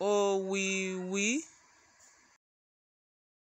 oh, we, we.